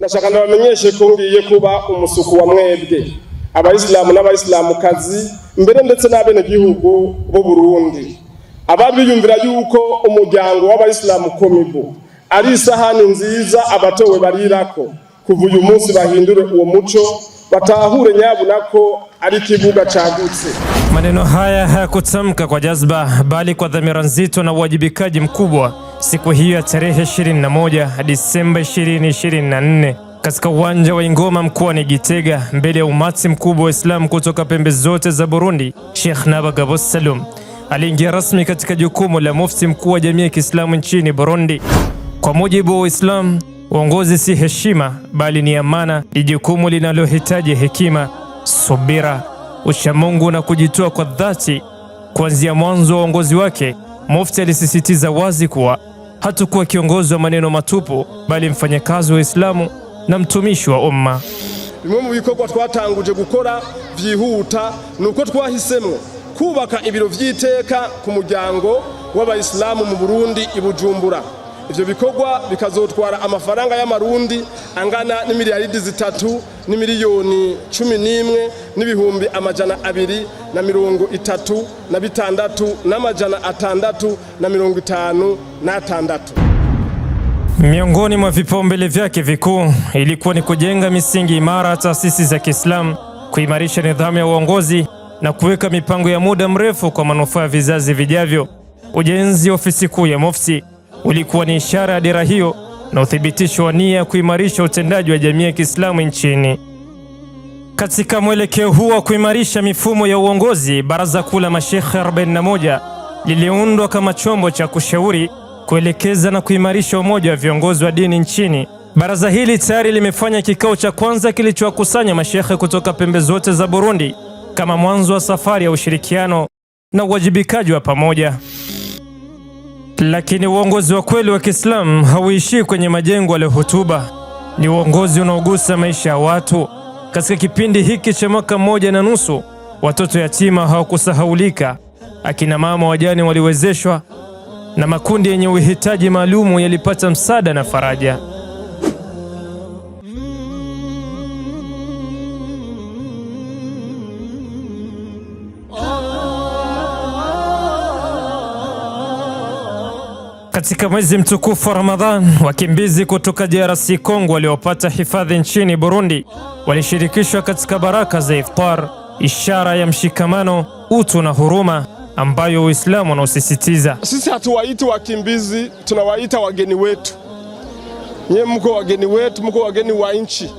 nashaka ndabamenyeshe ko ngiye kuba umusuku wa mwebwe abayisilamu kazi mbere ndetse n'abenegihugu b'u Burundi abari biyumvira yuko umuryango w'abayisilamu komibu ari isahani nziza abatowe barirako kuva uyu munsi bahindure uwo muco watahure nyabunako ko ari kibuga chagutse. Maneno haya hayakutamka kwa jazba, bali kwa dhamira nzito na uwajibikaji mkubwa siku hiyo ya tarehe 21 Disemba 2024 katika uwanja wa Ingoma mkoani Gitega, mbele ya umati mkubwa wa Islamu kutoka pembe zote za Burundi, Sheikh Nabagabo Salum aliingia rasmi katika jukumu la mufti mkuu wa jamii ya Kiislamu nchini Burundi. Kwa mujibu wa Uislamu, uongozi si heshima bali ni amana, ni jukumu linalohitaji hekima, subira, uchamungu na kujitoa kwa dhati. Kuanzia mwanzo wa uongozi wake, mufti alisisitiza wazi kuwa hatakuwa kiongozi wa maneno matupu, bali mfanyakazi wa Uislamu na mtumishi wa umma. Bimwe mu bikorwa twatanguje gukora vyihuta nuko twahisemo kubaka ibiro vy'iteka ku muryango w'abaisilamu mu Burundi i Bujumbura ivyo bikogwa bikazotwara amafaranga y'amarundi angana n'imiliyaridi zitatu n'imiliyoni cumi n'imwe n'ibihumbi amajana abiri na mirongo itatu na bitandatu n'amajana atandatu na mirongo itanu n'atandatu. Miongoni mwa vipaumbele vyake vikuu ilikuwa ni kujenga misingi imara taasisi za Kiislamu, kuimarisha nidhamu ya uongozi na kuweka mipango ya muda mrefu kwa manufaa ya vizazi vijavyo. Ujenzi ofisi kuu ya MOFSI ulikuwa ni ishara ya dira hiyo na uthibitisho wa nia ya kuimarisha utendaji wa jamii ya Kiislamu nchini. Katika mwelekeo huo wa kuimarisha mifumo ya uongozi, Baraza Kuu la Mashekhe 41 liliundwa kama chombo cha kushauri, kuelekeza na kuimarisha umoja wa viongozi wa dini nchini. Baraza hili tayari limefanya kikao cha kwanza kilichowakusanya mashekhe kutoka pembe zote za Burundi kama mwanzo wa safari ya ushirikiano na uwajibikaji wa pamoja. Lakini uongozi wa kweli wa Kiislamu hauishii kwenye majengo ya hotuba, ni uongozi unaogusa maisha ya watu. Katika kipindi hiki cha mwaka mmoja na nusu, watoto yatima hawakusahaulika, akina mama wajane waliwezeshwa, na makundi yenye uhitaji maalumu yalipata msaada na faraja. Katika mwezi mtukufu wa Ramadhan, wakimbizi kutoka DRC Congo waliopata hifadhi nchini Burundi walishirikishwa katika baraka za iftar, ishara ya mshikamano, utu na huruma ambayo Uislamu unaosisitiza. Sisi hatuwaiti wakimbizi, tunawaita wageni wetu. Nyie mko wageni wetu, mko wageni wa nchi.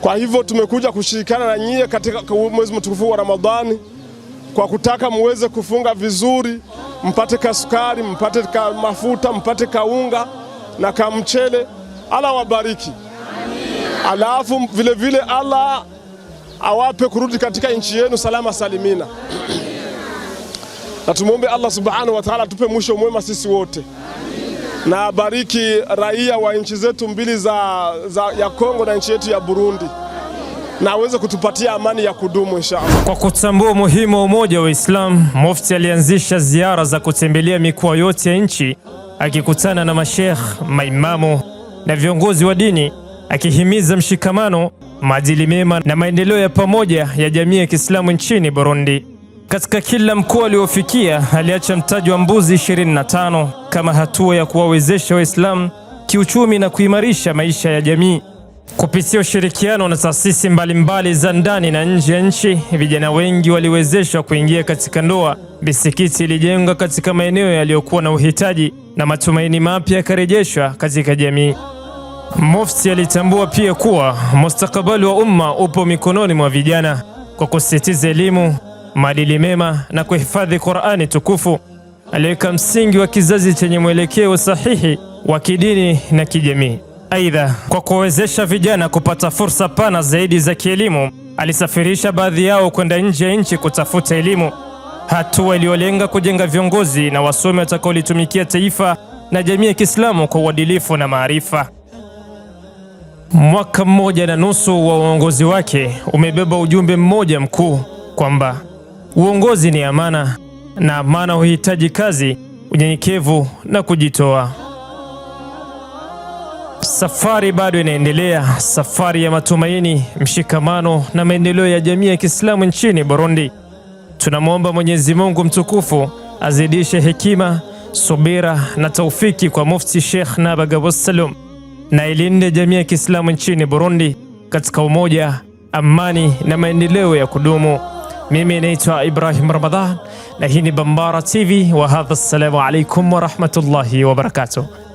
Kwa hivyo tumekuja kushirikiana na nyie katika mwezi mtukufu wa Ramadhani kwa kutaka muweze kufunga vizuri mpate kasukari, mpate ka mafuta, mpate kaunga na kamchele. Allah wabariki, alafu vilevile Allah awape kurudi katika nchi yenu salama salimina. Na tumwombe Allah subhanahu wa taala tupe mwisho mwema sisi wote na abariki raia wa nchi zetu mbili za, za, ya Kongo na nchi yetu ya Burundi na aweze kutupatia amani ya kudumu inshallah. Kwa kutambua umuhimu wa umoja wa Islam, Mufti alianzisha ziara za kutembelea mikoa yote ya nchi akikutana na mashekh, maimamu na viongozi wa dini akihimiza mshikamano, maadili mema na maendeleo ya pamoja ya jamii ya Kiislamu nchini Burundi. Katika kila mkoa aliofikia aliacha mtaji wa mbuzi 25 kama hatua ya kuwawezesha Waislamu kiuchumi na kuimarisha maisha ya jamii. Kupitia ushirikiano na taasisi mbalimbali za ndani na nje ya nchi, vijana wengi waliwezeshwa kuingia katika ndoa. Bisikiti ilijenga katika maeneo yaliyokuwa na uhitaji na matumaini mapya yakarejeshwa katika jamii. Mufti alitambua pia kuwa mustakabali wa umma upo mikononi mwa vijana kwa kusisitiza elimu, maadili mema na kuhifadhi Qur'ani tukufu. Aliweka msingi wa kizazi chenye mwelekeo sahihi wa kidini na kijamii. Aidha, kwa kuwawezesha vijana kupata fursa pana zaidi za kielimu, alisafirisha baadhi yao kwenda nje ya nchi kutafuta elimu, hatua iliyolenga kujenga viongozi na wasomi watakaolitumikia taifa na jamii ya Kiislamu kwa uadilifu na maarifa. Mwaka mmoja na nusu wa uongozi wake umebeba ujumbe mmoja mkuu kwamba uongozi ni amana na amana huhitaji kazi, unyenyekevu na kujitoa. Safari bado inaendelea, safari ya matumaini, mshikamano na maendeleo ya jamii ya Kiislamu nchini Burundi. Tunamwomba Mwenyezi Mungu mtukufu azidishe hekima, subira na taufiki kwa Mufti Sheikh Nabagabossalum na ilinde jamii ya Kiislamu nchini Burundi katika umoja, amani na maendeleo ya kudumu. Mimi naitwa Ibrahim Ramadhan na hii ni Bambara TV wa hadha. Assalamu alaikum warahmatullahi wabarakatuh.